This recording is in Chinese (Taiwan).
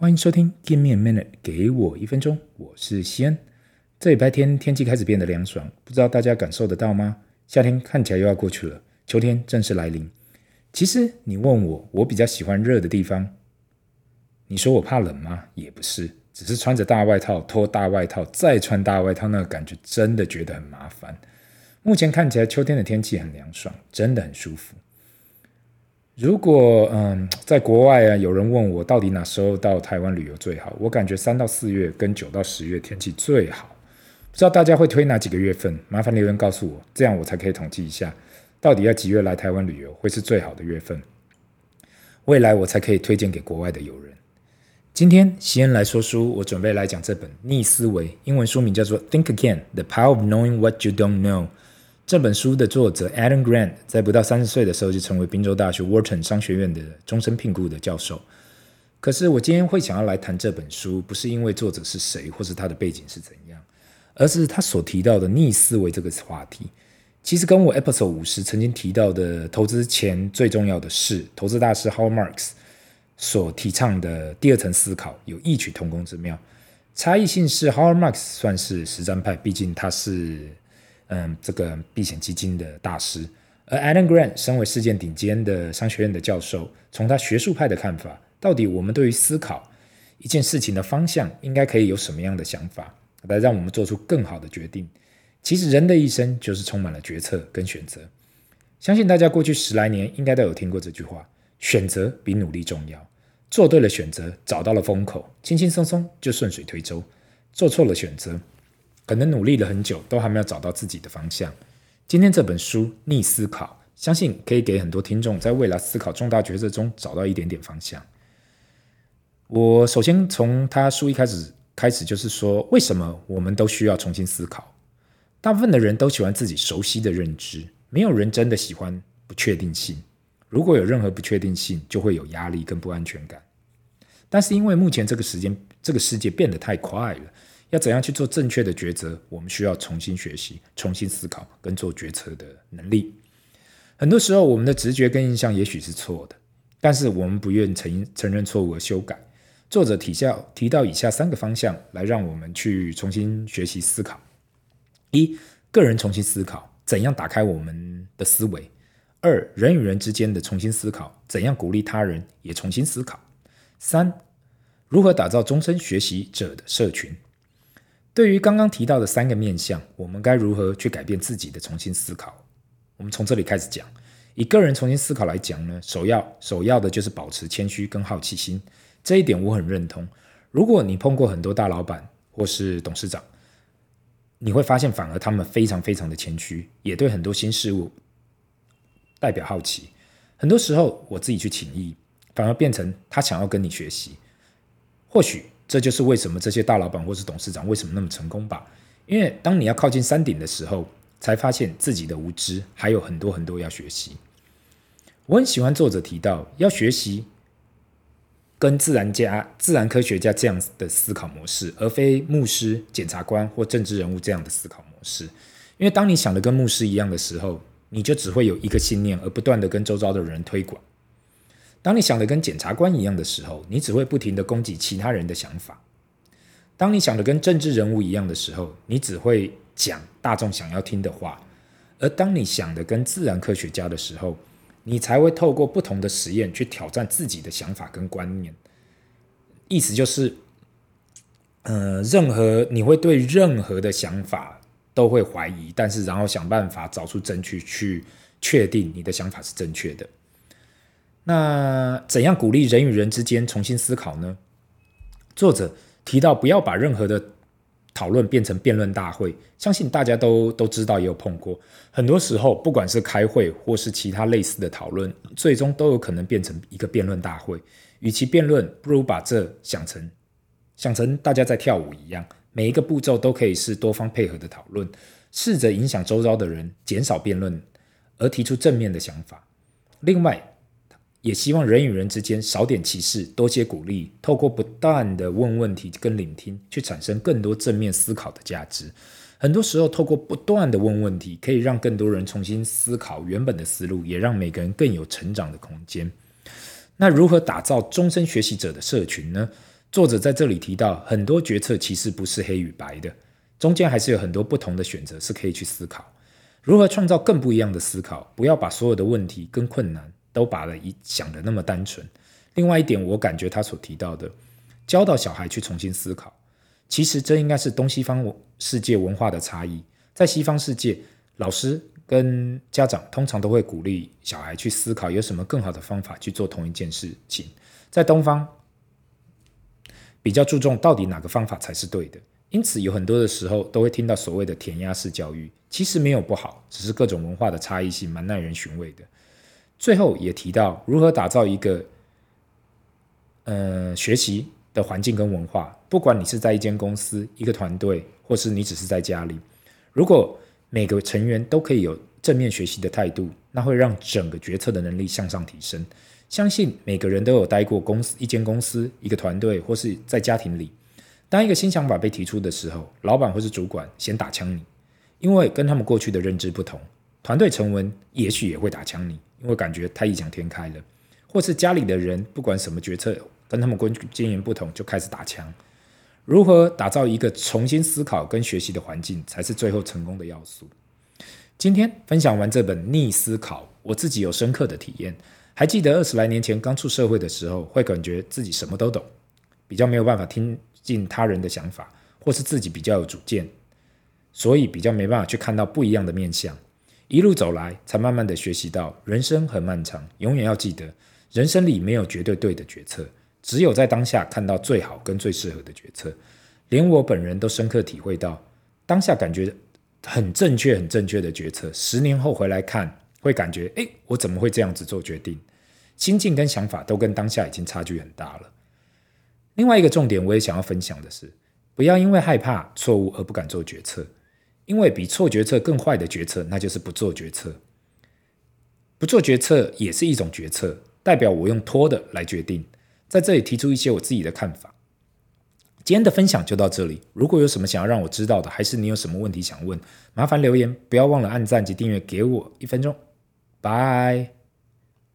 歡迎收聽 Give me a minute，給我一分鐘，我是西恩，這禮拜天天氣開始變得涼爽，不知道大家感受得到嗎？夏天看起來又要過去了，秋天正式來臨。其實你問我，我比較喜歡熱的地方。你說我怕冷嗎？也不是，只是穿着大外套、脫大外套、再穿大外套，那個感覺真的覺得很麻煩。目前看起來秋天的天氣很涼爽，真的很舒服。如果嗯，在國外啊，有人問我到底哪時候到台灣旅遊最好，我感覺三到四月跟九到十月天氣最好。不知道大家會推哪幾個月份？麻煩留言告訴我，這樣我才可以統計一下，到底要幾月來台灣旅遊會是最好的月份。未來我才可以推薦給國外的友人。今天西恩來說書，我準備來講這本逆思維，英文書名叫做《Think Again: The Power of Knowing What You Don't Know》。這本書的作者 Adam Grant 在不到三十歲的時候就成為賓州大學 Wharton 商學院的終身聘雇的教授。可是我今天會想要來談這本書，不是因為作者是誰，或是他的背景是怎樣，而是他所提到的逆思維這個話題，其實跟我 Episode 五十曾經提到的投資前最重要的事，投資大師 Howard Marks 所提倡的第二層思考有異曲同工之妙。差異性是 Howard Marks 算是實戰派，畢竟他是。嗯，這個避險基金的大師，而 Adam Grant 身為世界頂尖的商學院的教授，從他學術派的看法，到底我們對於思考一件事情的方向，應該可以有什麼樣的想法來讓我們做出更好的決定？其實人的一生就是充滿了決策跟選擇，相信大家過去十來年應該都有聽過這句話：選擇比努力重要。做對了選擇，找到了風口，輕輕鬆鬆就順水推舟；做錯了選擇。可能努力了很久，都還沒有找到自己的方向。今天這本書《逆思考》，相信可以給很多聽眾在未來思考重大決策中找到一點點方向。我首先從他書一開始開始，就是說為什麼我們都需要重新思考。大部分的人都喜歡自己熟悉的認知，沒有人真的喜歡不確定性。如果有任何不確定性，就會有壓力跟不安全感。但是因為目前這個時間，這個世界變得太快了。要怎樣去做正確的抉擇？我們需要重新學習、重新思考跟做決策的能力。很多時候，我們的直覺跟印象也許是錯的，但是我們不願承承認錯誤和修改。作者提校提到以下三個方向，來讓我們去重新學習思考：一，個人重新思考怎樣打開我們的思維；二，人與人之間的重新思考，怎樣鼓勵他人也重新思考；，三，如何打造終身學習者的社群。對於剛剛提到的三個面向，我們該如何去改變自己的重新思考？我們從這裡開始講。以個人重新思考來講呢，首要首要的就是保持謙虛跟好奇心。這一點我很認同。如果你碰過很多大老闆或是董事長，你會發現反而他們非常非常的謙虛，也對很多新事物代表好奇。很多時候我自己去請益，反而變成他想要跟你學習。或許。這就是為什麼這些大老板或是董事長為什麼那麼成功吧？因為當你要靠近山頂的時候，才發現自己的無知還有很多很多要學習。我很喜歡作者提到要學習跟自然家、自然科學家這樣子的思考模式，而非牧師、檢察官或政治人物這樣的思考模式。因為當你想的跟牧師一樣的時候，你就只會有一個信念，而不斷的跟周遭的人推廣。當你想的跟檢察官一樣的時候，你只會不停的攻擊其他人的想法；當你想的跟政治人物一樣的時候，你只會講大眾想要聽的話；而當你想的跟自然科學家的時候，你才會透過不同的實驗去挑戰自己的想法跟觀念。意思就是，呃，任何，你會對任何的想法都會懷疑，但是然後想辦法找出證據去確定你的想法是正確的。那怎樣鼓勵人與人之間重新思考呢？作者提到，不要把任何的討論變成辯論大會。相信大家都都知道，也有碰過。很多時候，不管是開會或是其他類似的討論，最終都有可能變成一個辯論大會。與其辯論，不如把這想成想成大家在跳舞一樣，每一個步驟都可以是多方配合的討論，試着影響周遭的人，減少辯論，而提出正面的想法。另外，也希望人與人之間少點歧視，多些鼓勵。透過不斷地問問題跟聆聽，去產生更多正面思考的價值。很多時候，透過不斷地問問題，可以讓更多人重新思考原本的思路，也讓每個人更有成長的空間。那如何打造終身學習者的社群呢？作者在這裡提到，很多決策其實不是黑與白的，中間還是有很多不同的選擇是可以去思考。如何創造更不一樣的思考？不要把所有的問題跟困難。都把了一想得那麼單純。另外一點，我感覺他所提到的教導小孩去重新思考，其實這應該是東西方世界文化的差異。在西方世界，老師跟家長通常都會鼓勵小孩去思考有什麼更好的方法去做同一件事情。在東方比較注重到底哪個方法才是對的，因此有很多的時候都會聽到所謂的填鴨式教育。其實沒有不好，只是各種文化的差異性蠻耐人尋味的。最後也提到如何打造一個，呃,學習的環境跟文化。不管你是在一間公司、一個團隊，或是你只是在家裡，如果每個成員都可以有正面學習的態度，那會讓整個決策的能力向上提升。相信每個人都有待過公司、一間公司、一個團隊，或是在家庭裡。當一個新想法被提出的時候，老闆或是主管先打槍你，因為跟他們過去的認知不同。團隊成員，也許也會打槍你，因為感覺太異想天開了，或是家裡的人不管什麼決策跟他們過去經驗不同，就開始打槍。如何打造一個重新思考跟學習的環境，才是最後成功的要素。今天分享完這本《逆思考》，我自己有深刻的體驗。還記得二十來年前剛出社會的時候，會感覺自己什麼都懂，比較沒有辦法聽進他人的想法，或是自己比較有主見，所以比較沒辦法去看到不一樣的面向。一路走來，才慢慢的學習到，人生很漫長，永遠要記得，人生裡沒有絕對對的決策，只有在當下看到最好跟最適合的決策。連我本人都深刻體會到，當下感覺很正確、很正確的決策，十年後回來看，會感覺，哎，我怎麼會這樣子做決定？心境跟想法都跟當下已經差距很大了。另外一個重點，我也想要分享的是，不要因為害怕錯誤而不敢做決策。因為比錯決策更壞的決策，那就是不做決策。不做決策也是一種決策，代表我用拖的來決定。在這裡提出一些我自己的看法。今天的分享就到這裡，如果有什麼想要讓我知道的，還是你有什麼問題想問，麻煩留言，不要忘了按讚及訂閱給我一分鐘，拜拜。